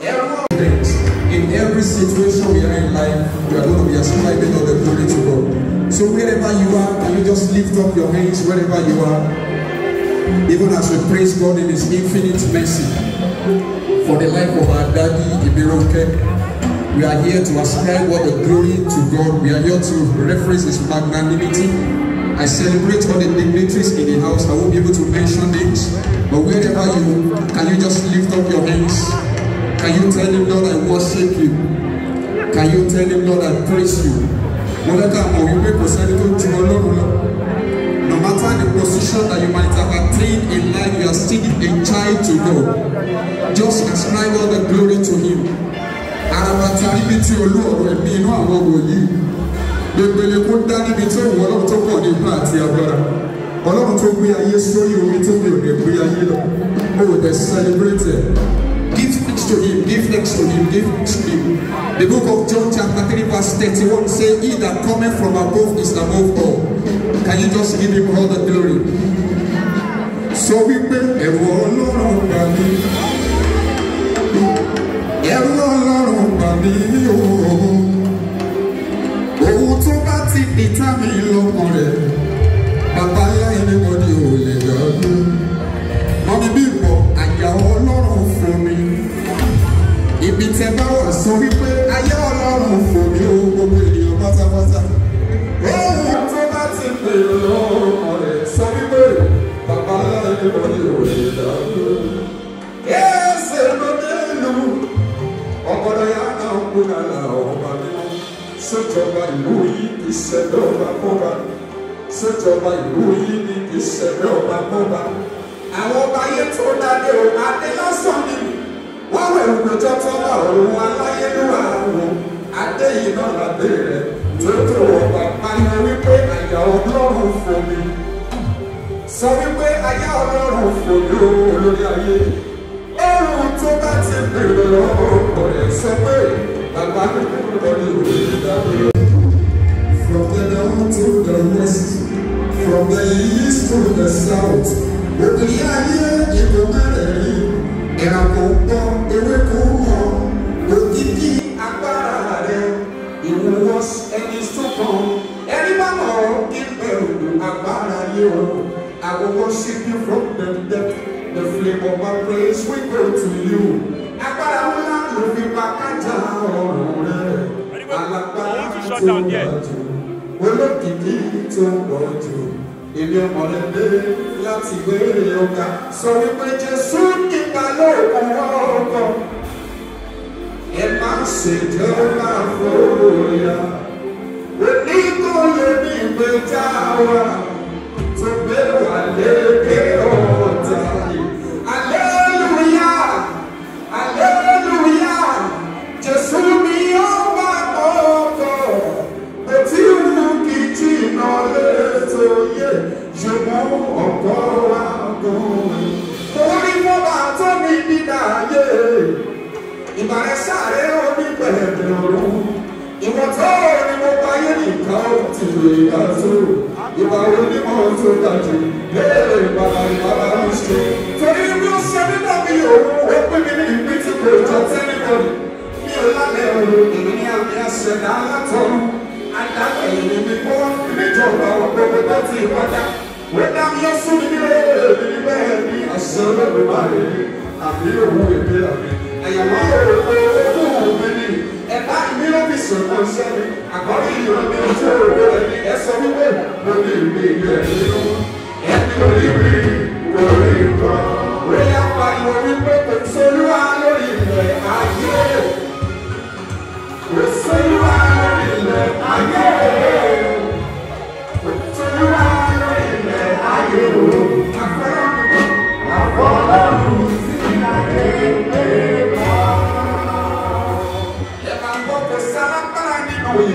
In every situation we are in life, we are going to be ascribing all the glory to God. So wherever you are, can you just lift up your hands wherever you are? Even as we praise God in His infinite mercy for the life of our daddy Ibiroke, we are here to ascribe all the glory to God. We are here to reference His magnanimity I celebrate all the dignitaries in the house. I won't be able to mention names, but wherever you can, you just worship you can you tell him lord i praise you mo fẹ́ ká mọ̀ wípé kò sẹ́ni tó ju no matter the position that you might have attained in life you are still a child to God just ascribe all the glory to him arabata níbi tí olú ọ̀rọ̀ ẹ̀mí inú àwọn wòlíì gbẹgbẹlẹ kó dá níbi tó ìwọ ọlọ́run tó pọ̀ ní ipá àti agbára ọlọ́run tó gbé ayé sórí omi tó fi òde gbé ayé lọ o ò dẹ̀ celebrate it give next to him, live next to him, Give next to him. The book of John chapter 3 verse 31 says, He that cometh from above is above all. Can you just give him all the glory? Sọ wípé ẹ̀rù Ọlọ́run bà mí. Ẹ̀rù Ọlọ́run bà mí o. Òun tó bá ti dìtà mí lọ́kàn rẹ̀. sèjọba ìlú yìí kì í ṣẹ̀dọ̀ ọba kọba sèjọba ìlú yìí ni kì í ṣẹ̀dọ̀ ọba kọba. àwọn ọba yẹn tó dáadé o adé lásán ni wọ́n wẹ̀ ògbẹ́jọ́ tó wà òun aláyélúwà òun adé yìí náà làdé rẹ̀ tó tó ọba pariwo wípé àyà ọlọ́run fò mí sọ wípé àyà ọlọ́run fò mí olórí ayé ẹrù tó bá ti bèrè lọ́wọ́ ọ̀rẹ́ sọ pé bàbá mi kúrò. From the north to the west, from the east to the south, òkè ayé ìbò mẹ́rẹ̀ẹ́rin, ìràpọ̀ pọ̀ ewéko mọ̀, òkìkí agbára rẹ̀, ìwọ̀n ẹni sọ́kàn, ẹni bá mọ̀ ìbẹ̀rù agbára yìí o, I will worship you from the depth, the flame of my praise will. down there. olókìkí tó pọ̀ jù èmi ọmọdé dé láti wéré ọ̀gá sọ wípé jésù kíkà lóògùn ọkọ ẹ má ṣe jẹ́ ó máa fòyà oníkó lè ní ìgbéjà wa tó gbé wà lé. ti léèrè bàbá ìbára mi ṣe. Torí bí ó ṣe nínú mi òun ó pín mi ní ìpín tí kò jọ tẹ́lifọ̀nù. Mi ò lábẹ́ òun èmi ní àmì àṣẹ̀dá látọ̀run. Àdàpọ̀ èyí mi kọ́ níjọba ògbógbó tó ti wájà. Ó dá mi ó sún mi ní èmi ní bẹ́ẹ̀ ni àṣẹ olóògbé máa rè é. Àbí òun èmi àmì. Àyàwó òkú òun mi ni ẹ̀dá mi ló fi sọ̀rọ̀ iṣẹ́ mi. Àkọ́rí ìyọ̀ mi ojú òwe ẹ̀mí ẹ̀sọ́ mi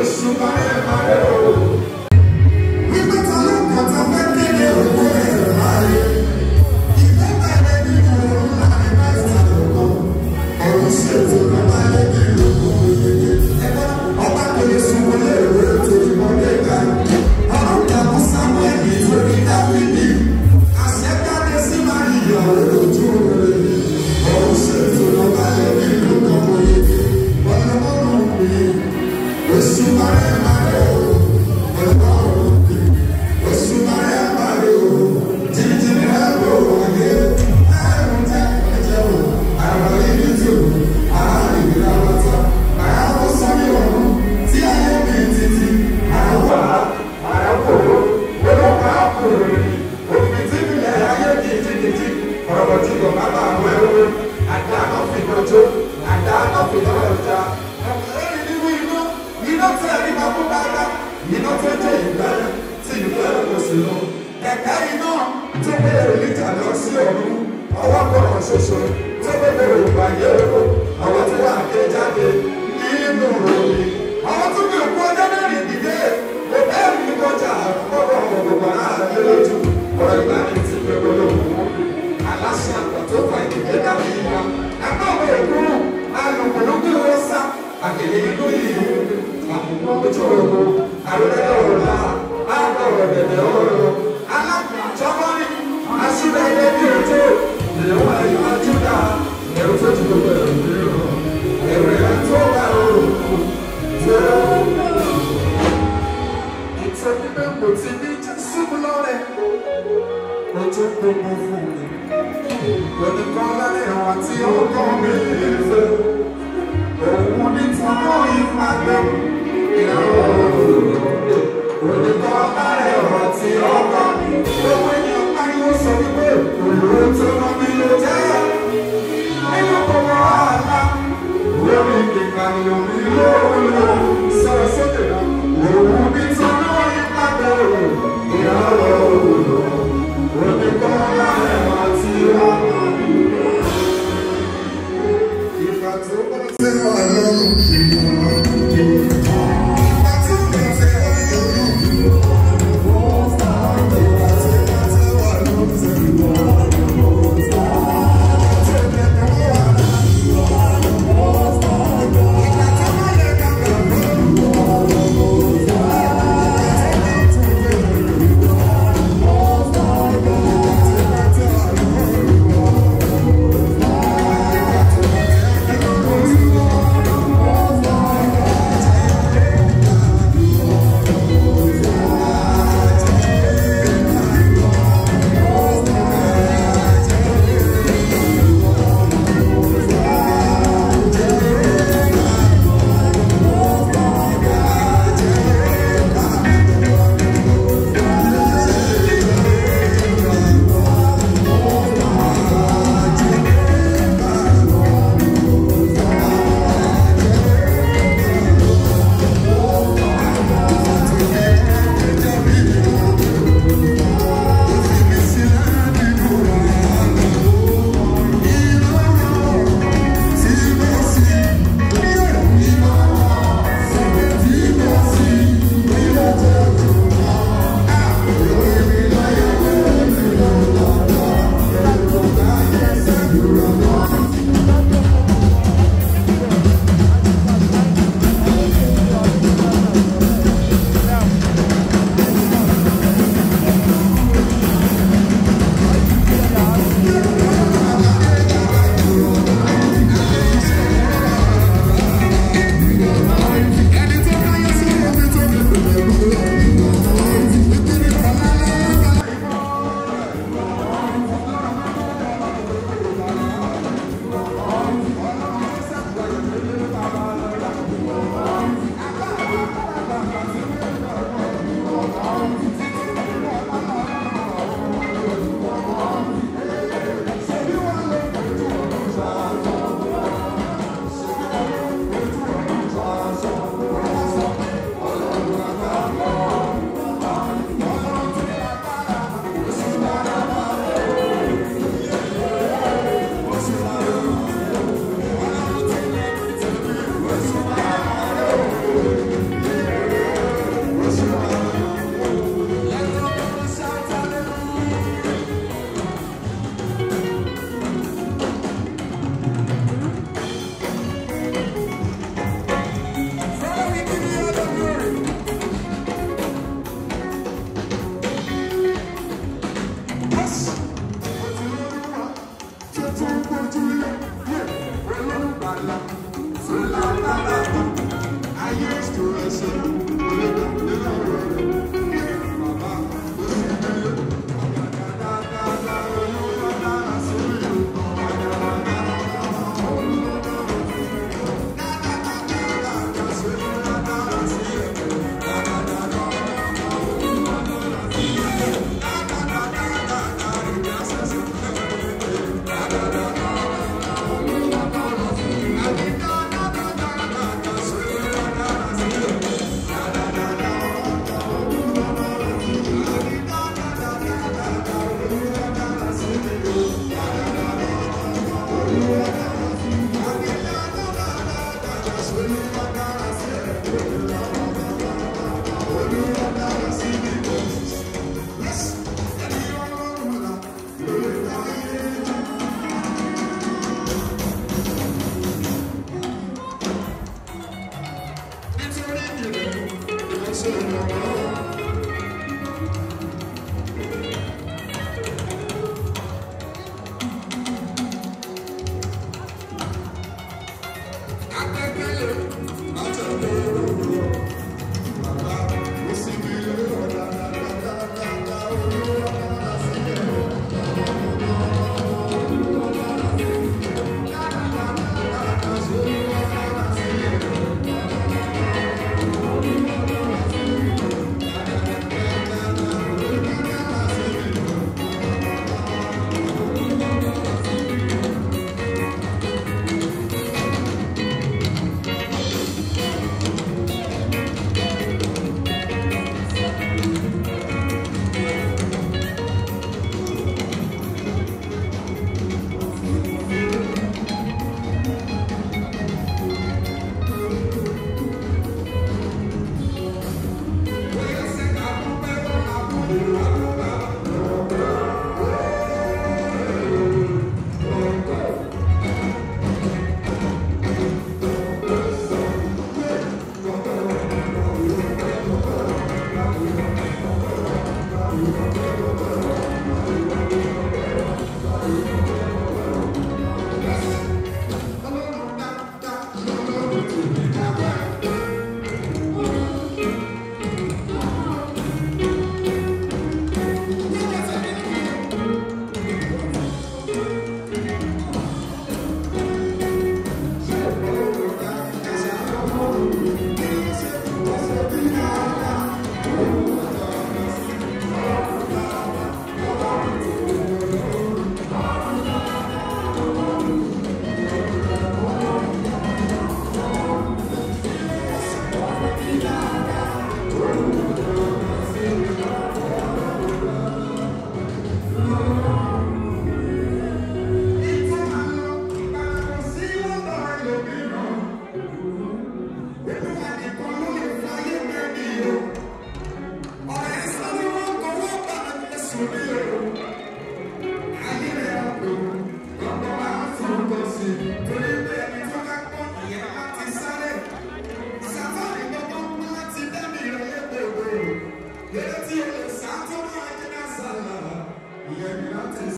Oṣù báyẹ̀ báyẹ̀ o. ẹ̀yin náà tó bẹ̀rẹ̀ níta lọ sí ọ̀run ọwọ́ kan ṣoṣo tó bẹ̀rẹ̀ òbàyẹ̀ o àwọn tó wà kéde. pé mo ti ní jésù lọ́rẹ̀ mo tún gbogbo fún mi lónìí kan lálẹ́ àwọn tí ó kọ́ mi fẹ́ òun ní túnú ìpàdé ìyàwó lónìí kan lálẹ́ àwọn tí ó kọ́ mi lówó ní ọ̀pá ni wọ́n sọ wípé òun tó lọ mi ló jẹ́ nínú gbogbo àlá lórí kíkà ni omi ló ń lò. Thank I used to listen.